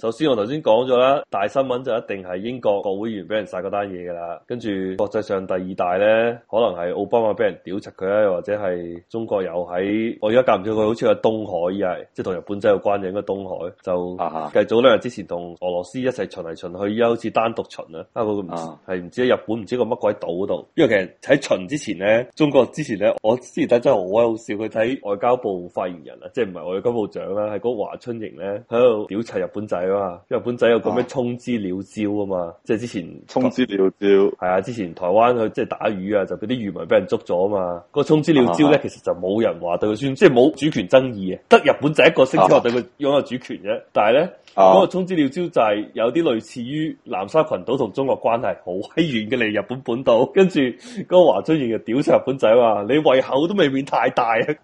首先我頭先講咗啦，大新聞就一定係英國國會議員俾人晒嗰單嘢㗎啦。跟住國際上第二大咧，可能係奧巴馬俾人屌柒佢啊，又或者係中國又喺我而家講唔出佢，好似喺東海啊，即係同日本仔有關嘅應該東海就啊計、uh huh. 早兩日之前同俄羅斯一齊巡嚟巡去，而家好似單獨巡啊啊，不過佢，係唔、uh huh. 知日本唔知個乜鬼島度。因為其實喺巡之前咧，中國之前咧，我之前睇真係好搞笑，佢睇外交部發言人啊，即係唔係外交部長啦，係個華春瑩咧喺度屌柒日本仔。日本仔有個咩沖之鳥礁啊嘛，即係之前沖之鳥礁係啊，之前台灣佢即係打魚啊，就俾啲漁民俾人捉咗啊嘛。個沖之鳥礁咧，嗯、其實就冇人話對佢宣，嗯、即係冇主權爭議啊，得日本仔一個聲稱對佢擁有主權啫。但係咧，嗰、嗯、個沖之鳥礁就係有啲類似於南沙群島同中國關係好閪遠嘅嚟，日本本島，跟住嗰個華春瑩就屌晒日本仔話， 你胃口都未免太大啊。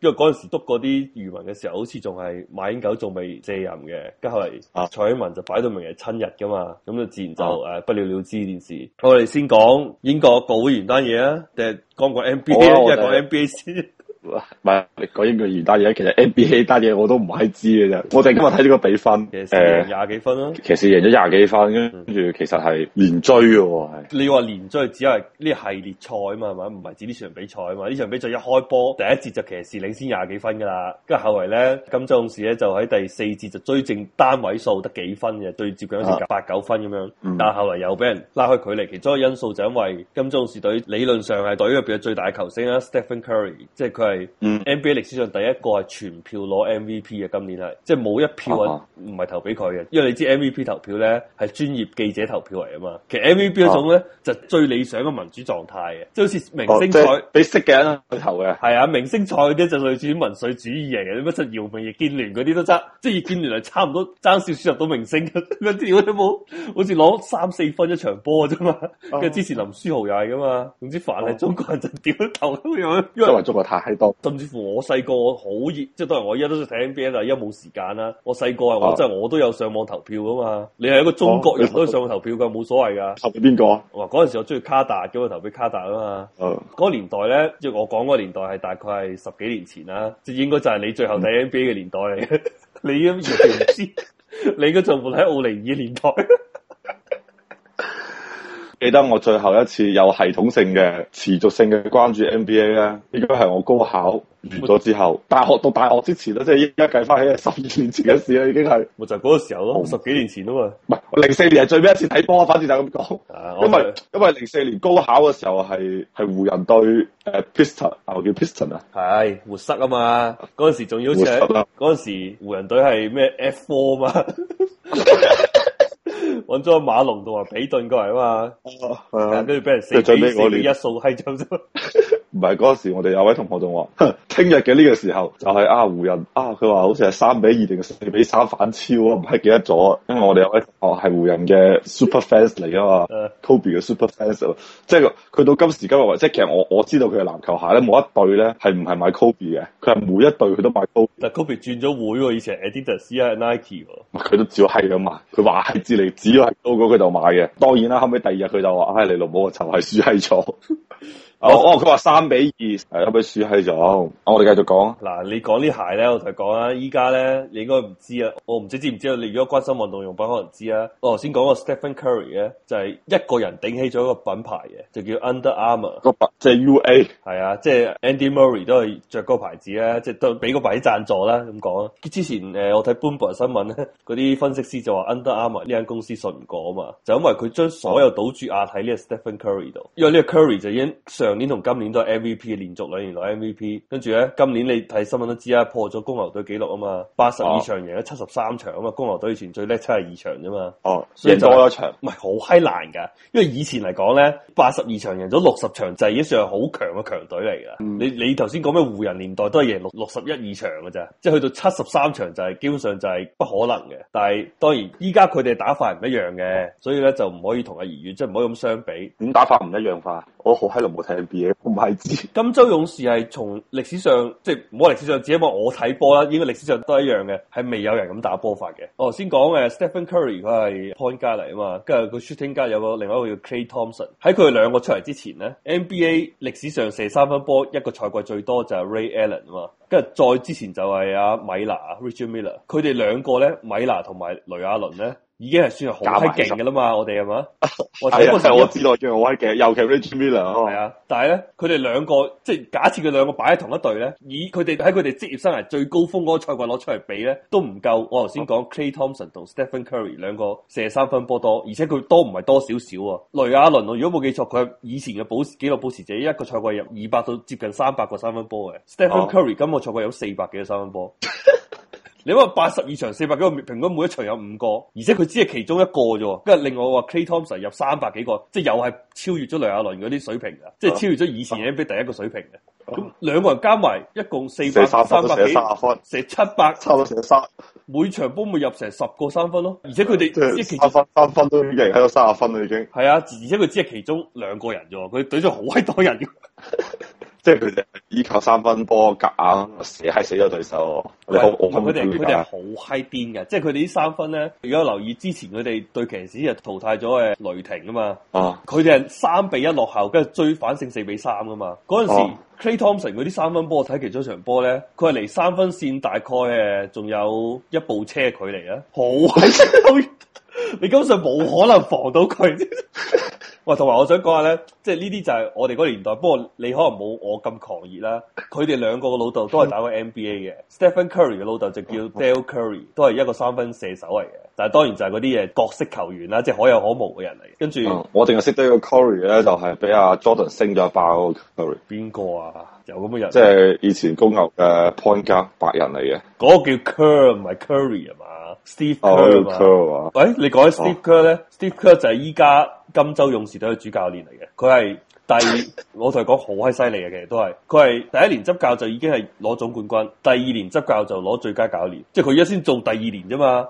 因為嗰陣時督嗰啲漁民嘅時候，好似仲係馬英九仲未卸任嘅，咁後嚟蔡英文就擺到明係親日噶嘛，咁就自然就誒、啊啊、不了了之呢件事。我哋先講英國國會原單嘢啊，定係講個 NBA 啊，一係講 NBA 先。 唔係講英國余單嘢，其實 NBA 單嘢我都唔閪知嘅啫。我哋今日睇呢個比分，其實贏廿幾分啦，啊，騎士贏咗廿幾分，跟住其實係連追嘅。係你要話連追，只係呢系列賽啊嘛，唔係指呢場比賽啊嘛。呢場比賽一開波，第一節就騎士領先廿幾分噶啦，跟住後嚟咧，金州勇士咧就喺第四節就追正單位數得幾分嘅，最接近嗰時八九，啊、分咁樣。嗯、但係後嚟又俾人拉開距離，其中一個因素就因為金州勇士隊理論上係隊入邊最大球星啦，Stephen Curry，即係佢。係、嗯、NBA 歷史上第一個係全票攞 MVP 嘅今年係，即係冇一票是是啊，唔係投俾佢嘅。因為你知 MVP 投票咧係專業記者投票嚟啊嘛。其實 MVP 嗰種咧、啊、就最理想嘅民主狀態嘅、哦，即係好似明星賽，俾識嘅人去投嘅。係啊，明星賽嗰啲就類似民粹主義型嘅。你乜陳姚明、易建聯嗰啲都爭，即係易建聯嚟差唔多爭少少入到明星嘅嗰啲，我哋冇好似攞三四分一場波啫嘛。跟住支持林書豪又係噶嘛。總之凡係中國人就點都投，因為因為作為中國太。甚至乎我細個我好熱，即係當然我而家都睇 NBA 啦，而家冇時間啦。我細個啊，我真係我都有上網投票噶嘛。你係一個中國人都上網投票噶，冇所謂噶。投俾邊個啊？我嗰陣時我中意卡達，叫我投俾卡達啊嘛。嗰、啊、個年代咧，即係我講嗰個年代係大概係十幾年前啦，即係應該就係你最後睇 NBA 嘅年代嚟。 你咁完全唔知， 你嘅仲活喺奧尼爾年代。記得我最後一次有系統性嘅持續性嘅關注 NBA 啦，應該係我高考完咗之後，沒大學到大學之前啦，即係依家計翻起係十二年前嘅事啦，已經係。咪就係、是、嗰個時候咯，沒十幾年前啊嘛，唔係零四年係最尾一次睇波，反正就係咁講。因為因為零四年高考嘅時候係係湖人隊誒、呃、Piston 我叫 Piston 啊，係活，活塞啊嘛，嗰陣時仲要好似，嗰陣時湖人隊係咩 F four 嘛。揾咗馬龍同埋比頓過嚟啊嘛，跟住俾人四比四，一掃閪咗。唔係嗰時，我哋有位同學仲話，聽日嘅呢個時候就係啊湖人啊，佢話、啊、好似係三比二定四比三反超啊，唔係記得咗。因為我哋有位同學係湖人嘅 super fans 嚟㗎嘛，Kobe 嘅 super fans 咯、啊，啊、即係佢到今時今日，即係其實我我知道佢嘅籃球鞋咧，冇一對咧係唔係買 Kobe 嘅，佢係每一對佢都買高。但 Kobe 轉咗會，以前 Adidas 而家 Nike 喎、啊。佢都照係咁買，佢話係知你只要係高過佢就買嘅。當然啦，後尾第二日佢就話，唉、啊，你老母啊，球係輸係錯。 哦哦，佢話三比二是，係啊，俾輸喺咗。啊，我哋繼續講。嗱，你講呢鞋咧，我同你講啊，依家咧，你應該唔知啊。我唔知知唔知道你如果關心運動用品，可能知啊。我頭先講個 Stephen Curry 咧，就係、是、一個人頂起咗一個品牌嘅，就叫 Under Armour。即係 U A，係啊，即、就、係、是、Andy Murray 都係着嗰個牌子啦，即係都俾個位贊助啦。咁講，佢之前誒、呃，我睇 Bloomberg 新聞咧，嗰 啲分析師就話 Under Armour 呢間公司信唔過啊嘛，就因為佢將所有賭注押喺呢個 Stephen Curry 度，因為呢個 Curry 就已經上上年同今年都係 MVP 連續兩年攞 MVP，跟住咧今年你睇新聞都知啊，破咗公牛隊紀錄啊嘛，八十二場贏咗七十三場啊嘛，公牛隊、啊、以前最叻七十二場啫嘛，贏多咗一場，唔係好閪難噶，因為以前嚟講咧，八十二場贏咗六十場就係已經算係好強嘅強隊嚟噶，你你頭先講咩湖人年代都係贏六六十一二場噶咋，即係去到七十三場就係、是、基本上就係不可能嘅，但係當然依家佢哋打法唔一樣嘅，所以咧就唔可以同阿即建即係唔可以咁相比，點打法唔一樣化？我好閪耐冇睇 NBA，我唔係知。金州 勇士係從歷史上，即係唔好話歷史上，只係因為我睇波啦，應該歷史上都一樣嘅，係未有人咁打波法嘅。我先講誒，Stephen Curry 佢係 point 加嚟啊嘛，跟住佢 shooting 加有個另外一個叫 Klay Thompson。喺佢兩個出嚟之前咧，NBA 歷史上射三分波一個賽季最多就係 Ray Allen 啊嘛，跟住再之前就係阿米娜 Richard Miller，佢哋兩個咧，米娜同埋雷亞倫咧。已經係算係好閪勁嘅啦嘛，我哋係嘛？我睇過就係我之內最係好閪勁，尤其 Reggie Miller 兩。係啊，但係咧，佢哋兩個即係假設佢兩個擺喺同一隊咧，以佢哋喺佢哋職業生涯最高峰嗰個賽季攞出嚟比咧，都唔夠。我頭先講 Klay Thompson 同 Stephen Curry 兩個射三分波多，而且佢多唔係多少少啊。雷阿倫啊，如果冇記錯，佢以前嘅保紀錄保持者，一個賽季入二百到接近三百個三分波嘅。Stephen Curry 今個賽季有四百幾個三分波。你話八十二場四百幾個，平均每一場有五個，而且佢只係其中一個啫。跟住另外話 Klay Thompson 入三百幾個，即係又係超越咗雷亞倫嗰啲水平噶，即係超越咗以前 NBA 第一個水平嘅。咁兩個人加埋一共四百三十幾分，成七百，差唔多成三。每場波每入成十個三分咯，而且佢哋即係三分三分都已經喺度三十分啦，已經。係啊，而且佢只係其中兩個人啫，佢隊咗好閪多人。 即係佢哋依靠三分波夾硬射嗨死咗對手，佢哋佢哋好嗨癲嘅，即係佢哋啲三分咧。如果留意之前佢哋對騎士就淘汰咗誒雷霆啊嘛。啊，佢哋係三比一落後，跟住追反勝四比三啊嘛。嗰陣時 Klay、啊、Thompson 佢啲三分波睇其中一場波咧，佢係離三分線大概誒仲有一部車嘅距離啊。好嗨癲 你根本上冇可能防到佢。 喂，同埋我想講下咧，即係呢啲就係我哋嗰年代。不過你可能冇我咁狂熱啦。佢哋兩個嘅老豆都係打過 NBA 嘅 ，Stephen Curry 嘅老豆就叫 Dell Curry，都係一個三分射手嚟嘅。但當然就係嗰啲嘢角色球員啦，即係可有可無嘅人嚟。跟住、嗯、我淨係識得一個 Curry 咧，就係俾阿 Jordan 升咗爆嗰個 Curry。邊個啊？有咁嘅人？即係以前公牛誒 Point 加白人嚟嘅。嗰個叫 Cur 唔係 Curry 啊嘛？Steve Curry 啊嘛？喂、oh, 欸，你講緊 Steve Curry 咧，Steve Curry 就係依家金州勇士隊嘅主教練嚟嘅。佢係第， 我同佢講好閪犀利嘅，其實都係。佢係第一年執教就已經係攞總冠軍，第二年執教就攞最佳教練。即係佢而家先做第二年啫嘛。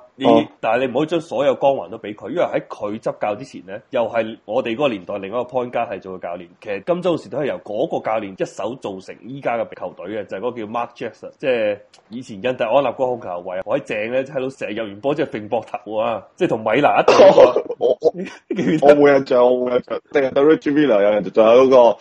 但係你唔可以將所有光環都俾佢，因為喺佢執教之前咧，又係我哋嗰個年代另一個 point 加係做嘅教練。其實金州時都係由嗰個教練一手造成依家嘅球隊嘅，就係嗰個叫 Mark Jackson，即係以前印第安納嗰個控球位。我喺正咧喺度成日入完波即係揈膊頭啊，即係同米納一隊。我我我冇印象，冇印象，定係 David Villa？有人仲有嗰個？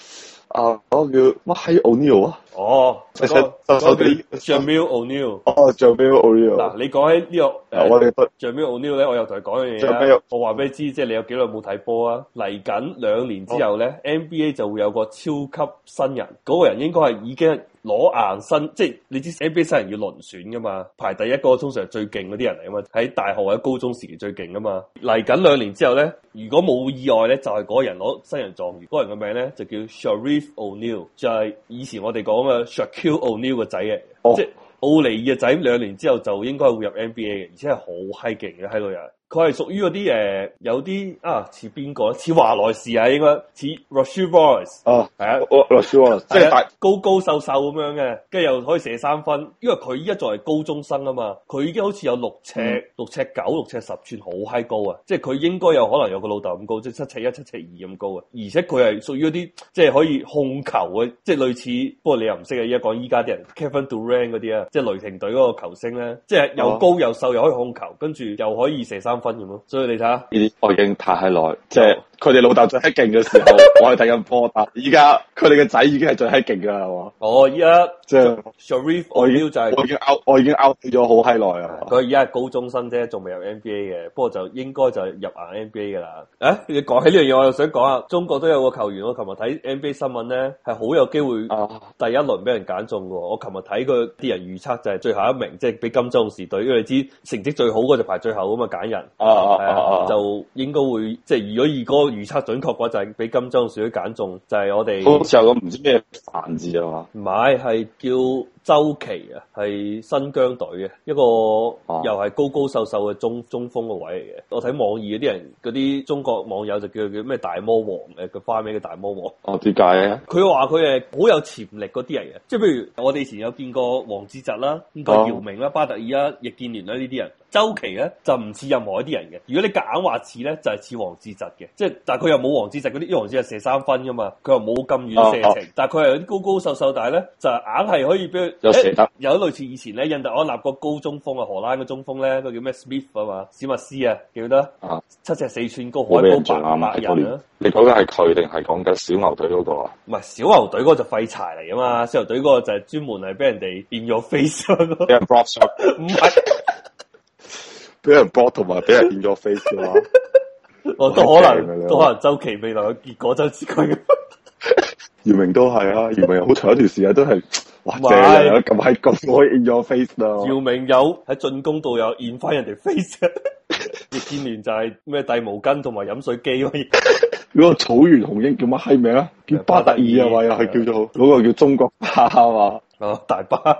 啊！嗰個叫乜？係 O’Neal 啊？哦，即係手手記 Jamal O’Neal。哦，Jamal O’Neal。嗱，你講起呢個，我哋 Jamal O’Neal 咧，我又同你講樣嘢啦。我話俾你知，即係你有幾耐冇睇波啊？嚟緊兩年之後咧，NBA 就會有個超級新人，嗰個人應該係已經。攞硬身，即係你知 NBA 新人要輪選噶嘛？排第一個通常係最勁嗰啲人嚟啊嘛，喺大學或者高中時期最勁噶嘛。嚟緊兩年之後咧，如果冇意外咧，就係、係、嗰人攞新人狀元，嗰人嘅名咧就叫 Sharif O’Neal，就係以前我哋講嘅 Shaquille O’Neal 嘅仔嘅，oh. 即係奧尼爾嘅仔。兩年之後就應該會入 NBA 嘅，而且係好嗨勁嘅閪個人。佢係屬於嗰啲誒，有啲啊似邊個？似華萊士啊，應該似 Russell Wallace，係啊，Russell Wallace 即係高高瘦瘦咁樣嘅，跟住又可以射三分。因為佢依家，作為高中生啊嘛，佢已經好似有六尺、嗯、六尺九六尺十寸，好嗨高啊！即係佢應該有可能有個老豆咁高，即係七尺一七尺二咁高啊！而且佢係屬於嗰啲即係可以控球嘅，即係類似。不過你又唔識啊？依家講依家啲人 Kevin Durant 嗰啲啊，即係雷霆隊嗰個球星咧，即係又高又瘦又可以控球，跟住又可以射三分。分所以你睇下呢啲我已經太閪耐，即係佢哋老豆最閪勁嘅時候， 我係睇緊波，但係依家佢哋嘅仔已經係最閪勁噶啦，係嘛、哦？我依家即係 Sharif Ojo 就係、是、我已經 out，我已經 out 咗好閪耐啊！佢依家係高中生啫，仲未有 NBA 嘅，不過就應該就係入行 NBA 噶啦。誒、啊，你講起呢樣嘢，我又想講啊！中國都有個球員，我琴日睇 NBA 新聞咧，係好有機會第一輪俾人揀中嘅。我琴日睇佢啲人預測就係最後一名，即係俾金州時隊。因為你知成績最好嗰隻就排最後咁啊，揀人。啊啊啊啊！就應該會即係，如果二哥預測準確嘅話，就係俾金州少啲揀中，就係我哋好似有咁唔知咩繁字啊嘛，唔係係叫。周琦啊，係新疆隊嘅一個，又係高高瘦瘦嘅中中鋒個位嚟嘅。我睇網易嗰啲人，嗰啲中國網友就叫佢叫咩大魔王嘅，個花名叫大魔王。哦，點解啊？佢話佢係好有潛力嗰啲人嘅，即係譬如我哋以前有見過王治郅啦，個姚明啦，巴特爾啦，易建聯啦呢啲人，周琦咧就唔似任何一啲人嘅。如果你夾硬話似咧，就係、是、似王治郅嘅，即係但係佢又冇王治郅嗰啲，因為王治郅射三分噶嘛，佢又冇咁遠射程，啊啊、但係佢係嗰啲高高瘦瘦，但係咧就硬係可以俾佢。有捨得，有類似以前咧，印第安納個高中鋒啊，荷蘭嘅中鋒咧，佢叫咩 Smith 啊嘛，史密斯啊，記得啊？七尺四寸高，好高大啊嘛，黑人。你講嘅係佢，定係講緊小牛隊嗰個啊？唔係小牛隊嗰個就廢柴嚟噶嘛，小牛隊嗰個就係專門係俾人哋變咗 face 嘅、啊 是，俾人 block shot 唔係，俾人 block 同埋俾人變咗 face 嘅嘛！我都可能，都可能， 可能周期未來嘅結果就係佢。 姚明都係啊，姚明又、啊、好長一段時間都係，或者咁係咁愛 in your face 啦、啊。姚明有喺進攻度又現翻人哋 face，、啊、 易建聯就係咩遞毛巾同埋飲水機咯、啊。嗰 個 草原雄鷹叫乜閪名啊？叫巴特爾啊嘛，又係了叫做嗰個叫中國巴 啊大巴。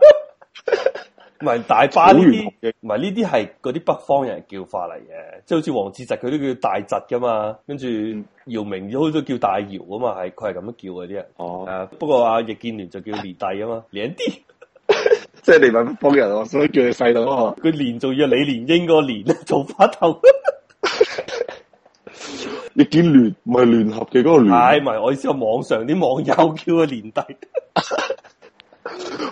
唔係大巴呢啲，唔係呢啲係嗰啲北方人叫法嚟嘅，即係好似王治郅佢都叫大郅噶嘛，跟住姚明好都叫大姚啊嘛，係佢係咁樣叫嗰啲人。哦，uh, 不過阿、啊、易建聯就叫連帝啊嘛，靚啲，即係你埋北方人，所以叫你細佬啊。佢連仲要李連英個連做花頭， 易建聯唔係聯合嘅嗰、那個聯，唔係、哎、我意思係網上啲網友叫佢連帝。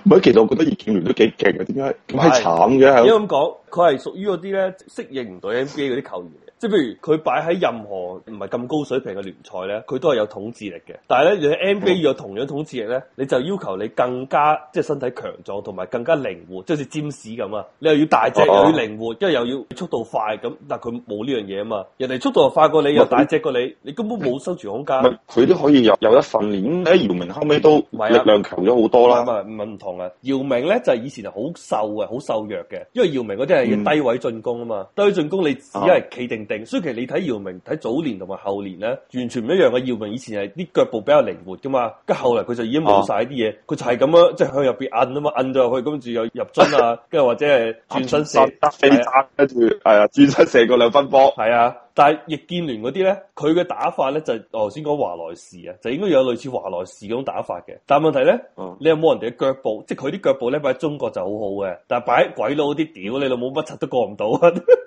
唔係，其實我覺得易建聯都幾勁嘅，點解咁閪慘嘅？係的的因為咁講，佢係屬於嗰啲咧適應唔到 NBA 嗰啲球員。 即係譬如佢擺喺任何唔係咁高水平嘅聯賽咧，佢都係有統治力嘅。但係咧，你喺 NBA 要有同樣統治力咧，你就要求你更加即係身體強壯同埋更加靈活，即係似占士咁啊！你又要大隻、啊、又要靈活，因為又要速度快咁，但係佢冇呢樣嘢啊嘛。人哋速度快過你，啊、又大隻過你，啊、你根本冇收住空間。佢都可以有有一份練。咁喺姚明後尾都力量強咗好多啦。唔係唔同啊！姚明咧就係、是、以前係好瘦嘅，好瘦弱嘅，因為姚明嗰啲係低位進攻啊嘛。嗯、低位進攻你只係企定。所以其實你睇姚明睇早年同埋後年咧，完全唔一樣嘅。姚明以前係啲腳步比較靈活噶嘛，跟住後嚟佢就已經冇晒啲嘢，佢、啊、就係咁樣即係、就是、向入邊摁啊嘛，摁咗入去，跟住又入樽啊，跟住或者係轉身射，跟住係啊，啊轉身射過兩分波。係啊，但係易建聯嗰啲咧，佢嘅打法咧就係頭先講華萊士啊，就應該有類似華萊士嗰種打法嘅。但係問題咧，嗯、你有冇人哋嘅腳步？即係佢啲腳步咧擺喺中國就好好嘅，但係擺喺鬼佬嗰啲屌，你老母乜柒都過唔到啊！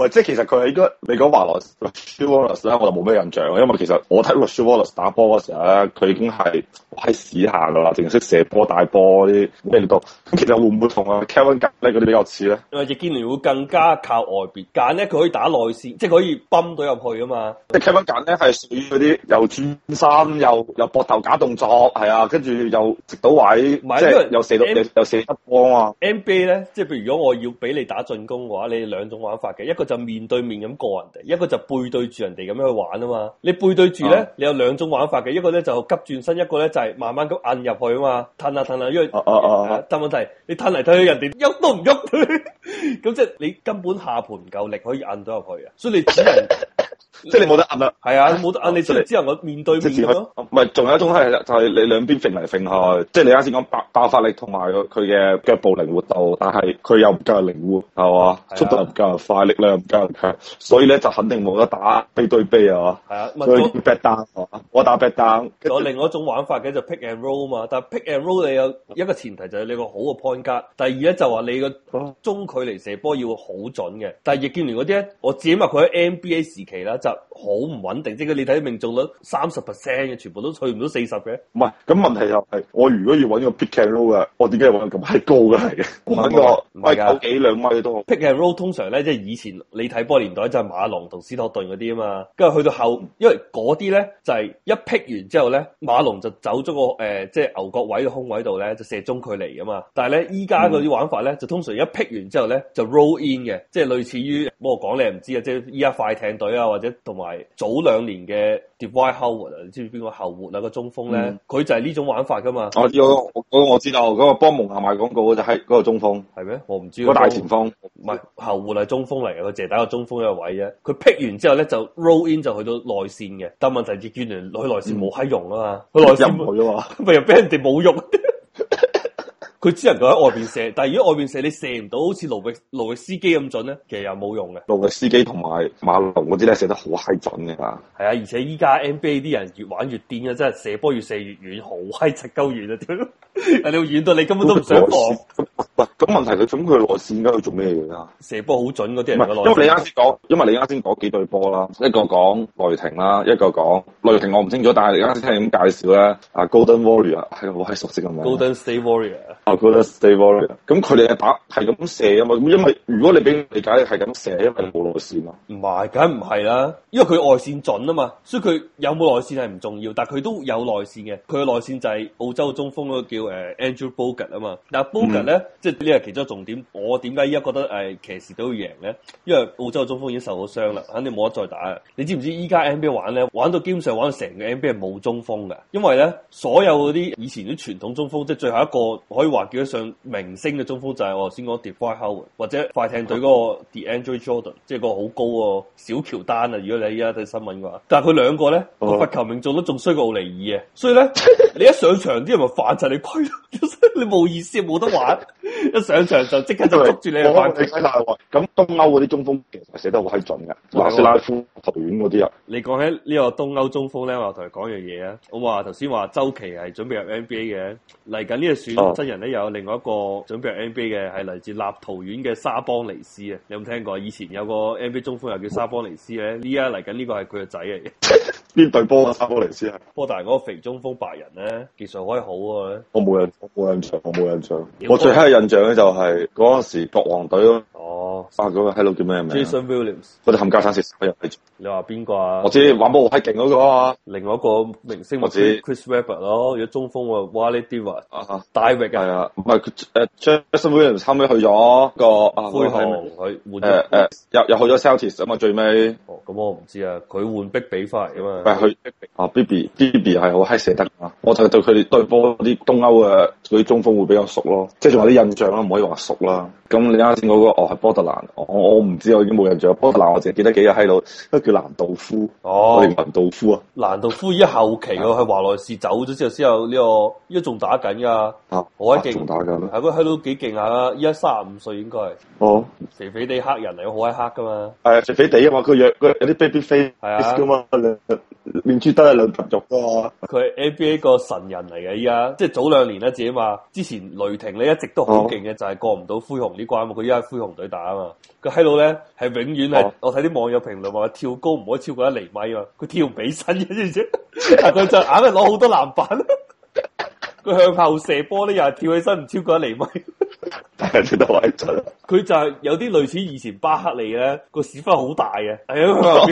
喂，即係其實佢係應該你講華萊華舒華勒斯咧，我就冇咩印象，因為其實我睇華舒華勒斯打波嗰時候咧，佢已經係喺史下噶啦，成日識射波、大波嗰啲咩都。咁其實會唔會同阿 Kevin Garnett 嗰啲比較似咧？誒，易建聯會更加靠外邊，但係咧佢可以打內線，即係可以泵到入去啊嘛。即係 Kevin Garnett 係屬於嗰啲又專心又又膊頭假動作，係啊，跟住又直到位，唔係又射到又射得波啊。NBA 咧，即係譬如如果我要俾你打進攻嘅話，你兩種玩法嘅一個。就面對面咁過人哋，一個就背對住人哋咁樣去玩啊嘛。你背對住咧，嗯、你有兩種玩法嘅，一個咧就急轉身，一個咧就係、是、慢慢咁摁入去啊嘛。褪下褪下，因為但問題你褪嚟褪去，移啊、移人哋喐都唔喐，咁、 嗯、即係你根本下盤唔夠力可以摁到入去啊。所以你只能。 即係你冇得噏啦，係啊，冇得噏，啊、你出嚟之後我面對面咯。唔係，仲有一種係就係、是、你兩邊揈嚟揈去，即係你啱先講爆爆發力同埋佢嘅嘅腳步靈活度，但係佢又唔夠靈活，係嘛，啊、速度唔夠快，力量唔夠強，所以咧就肯定冇得打 B 對 B 啊。係以，唔那我打，那我打打。仲那、就是、有另外一種玩法嘅就 pick and roll 嘛，但係 pick and roll 你有一個前提就係你個好嘅 point guard，第二咧就話你個中距離射波要好準嘅，但係易建聯嗰啲咧，我只係話佢喺 NBA 時期啦、就是好唔穩定，即係你睇命中率三十 percent 嘅，全部都去唔到四十嘅。唔係，咁問題又、就、係、是，我如果要揾個 pick and roll 啊，我點解揾咁閪高嘅係？唔 係個，唔係九幾兩米都。好。Pick and roll 通常咧，即係以前你睇波年代就係馬龍同斯托頓嗰啲啊嘛，跟住去到後，因為嗰啲咧就係、是、一 pick 完之後咧，馬龍就走咗個誒、呃，即係牛角位嘅空位度咧，就射中佢離距離啊嘛。但係咧依家嗰啲玩法咧，嗯、就通常一 pick 完之後咧，就 roll in 嘅，即係類似於冇講你唔知隊隊啊，即係依家快艇隊啊或者。同埋早兩年嘅 Dwight 後活，你知唔知邊個後活？那個中鋒咧，佢、嗯、就係呢種玩法噶嘛。我我我我知道，嗰、那個幫蒙下賣廣告就係嗰個中鋒，係咩？我唔知個大前鋒唔係後活係中鋒嚟嘅，佢淨係打個中鋒一個位啫。佢劈完之後咧就 roll in 就去到內線嘅，但問題葉劍倫佢內線冇閪用啊嘛，佢內、嗯、線冇啊嘛，咪又俾人哋冇用。佢只能夠喺外邊射，但係如果外邊射你射唔到，好似路路力斯基咁準咧，其實又冇用嘅。路力斯基同埋馬龍嗰啲咧射得好閪準嘅。係啊，而且依家 NBA 啲人越玩越癲啊，真係射波越射越遠，好閪直鳩遠啊！對咯，係你遠到你根本都唔想防。唔係咁問題佢，咁佢內線應該去做咩嘢啊？射波好準嗰啲人。因為你啱先講，因為你啱先講幾對波啦，一個講雷霆啦，一個講雷霆，我唔清楚，但係你啱先聽咁介紹咧？啊，Golden Warrior 係好閪熟悉嘅嘛。Golden State Warrior。咁佢哋係打係咁射啊嘛，咁因為如果你俾理解係咁射，係因為冇內線。唔係，梗唔係啦，因為佢外線準啊嘛，所以佢有冇內線係唔重要，但係佢都有內線嘅。佢嘅內線就係澳洲嘅中鋒嗰個叫誒 Andrew Bogut 啊嘛。嗱 Bogut 咧，嗯、即係呢個其中一個重點。我點解依家覺得誒騎士都要贏咧？因為澳洲嘅中鋒已經受咗傷啦，肯定冇得再打。你知唔知依家 NBA 玩咧，玩到基本上玩到成個 NBA 冇中鋒嘅，因為咧所有嗰啲以前啲傳統中鋒，即係最後一個可以玩。叫得上明星嘅中鋒就係我頭先講 Dwight Howard，或者快艇隊嗰個 DeAndre Jordan，即係個好高個小喬丹啊！如果你依家睇新聞嘅話，但係佢兩個咧罰、uh huh. 球命中都仲衰過奧尼爾啊！所以咧你一上場啲人咪犯就你區，你冇 意思冇得玩。一上場就即刻就捉住你嘅犯規。咁東歐嗰啲中鋒其實寫得好閪準嘅，馬其拉，拉夫、立陶宛嗰啲啊。你講起呢個東歐中鋒咧，我同你講樣嘢啊。我話頭先話周琦係準備入 NBA 嘅，嚟緊呢個選真、哦、人咧有另外一個準備入 NBA 嘅，係嚟自立陶宛嘅沙邦尼斯啊。你有冇聽過？以前有個 NBA 中鋒又叫沙邦尼斯咧，呢家嚟緊呢個係佢個仔嚟嘅。 邊隊波啊？三波嚟先啊！不過嗰個肥中鋒白人呢，技術可以好喎、啊。我冇印象，我冇印象，我冇印象。 我最黑嘅印象咧就係嗰陣時國王隊啊！嗰、那個 Hello 叫咩名？Jason Williams，嗰隻冚家鏟射手又去做。你話邊、啊、個啊？我知玩波好嗨勁嗰個啊！另外一個明星或者 Chris Webber 咯，如果中鋒啊 Vlade Divac 啊，David 啊，唔係誒，Jason Williams 差唔多去咗、那個灰熊去換誒誒，又又去咗 Celtics 啊嘛，最尾哦，咁我唔知換換啊，佢換逼比翻嚟啊嘛，係去逼比啊，Bibby Bibby 又係好嗨射得啊！我就對佢哋對波嗰啲東歐啊。嗰啲中鋒會比較熟咯，即係仲有啲印象咯，唔可以話熟啦。咁你啱先嗰個，哦係波特蘭，我我唔知，我已經冇印象。波特蘭，我淨係記得幾個閪佬，一個叫蘭道夫，哦，蘭道夫啊，蘭道夫依家後期喎，係華萊士走咗之後先有呢個，依家仲打緊噶。啊，好閪勁，仲打緊，係個閪佬幾勁下啊！依家三十五歲應該係，哦，肥肥地黑人嚟，好閪黑噶嘛。係啊，肥肥地啊嘛，佢樣，佢有啲 baby face 啊嘛。連住都一兩族肉咯，佢係 NBA 個神人嚟嘅，依家即係早兩年咧，自己話之前雷霆咧一直都好勁嘅，哦、就係過唔到灰熊呢關啊，佢依家係灰熊隊打啊嘛，個閪佬咧係永遠係，哦、我睇啲網友評論話跳高唔可以超過一厘米啊，佢跳唔起身嘅啫，但佢就硬係攞好多籃板，佢 向後射波咧又係跳起身唔超過一厘米。佢 就係有啲類似以前巴克利咧，個屎忽好大嘅。係、哎、啊，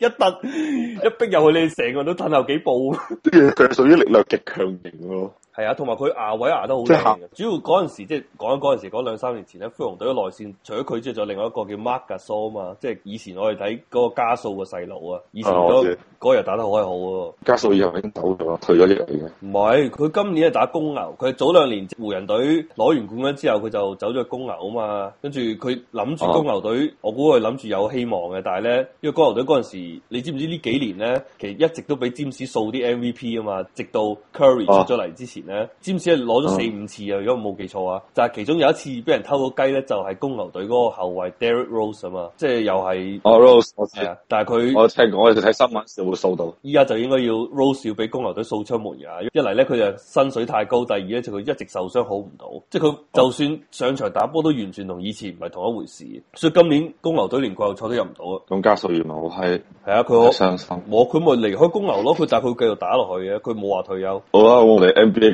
一突一逼，入去你成個人都褪後幾步，佢係屬於力量極強型咯。係啊，同埋佢牙位牙得好正嘅。是主要嗰陣時，即係講緊嗰陣時，嗰兩三年前咧，灰熊隊嘅內線除咗佢，即係仲有另外一個叫 Marc Gasol 啊嘛，即係以前我哋睇嗰個加數嘅細路啊，以前都嗰日打得開好啊，加數以後已經走咗啦，退咗呢樣嘢。唔係，佢今年係打公牛，佢早兩年湖人隊攞完冠軍之後，佢就走咗去公牛啊嘛。跟住佢諗住公牛隊，啊、我估佢諗住有希望嘅。但係咧，因為公牛隊嗰陣時，你知唔知呢幾年咧，其實一直都俾詹士掃啲 MVP 啊嘛，直到 Curry、啊、出咗嚟之前。咧，詹姆斯攞咗四五次啊！如果冇記錯啊，就係其中有一次俾人偷個雞咧，就係、是、公牛隊嗰個後衛 Derrick Rose 啊嘛，即係又係哦、oh, Rose，的我知啊，但係佢我聽講，我哋睇新聞時會掃到，依家就應該要 Rose 要俾公牛隊掃出門啊！一嚟咧佢就薪水太高，第二咧就佢一直受傷好唔到，即係佢就算上場打波都完全同以前唔係同一回事，所以今年公牛隊連季後賽都入唔到啊！咁加索爾咪好係係啊，佢好傷心，我佢咪離開公牛咯，佢就係佢繼續打落去嘅，佢冇話退休。好啦，我哋。NBA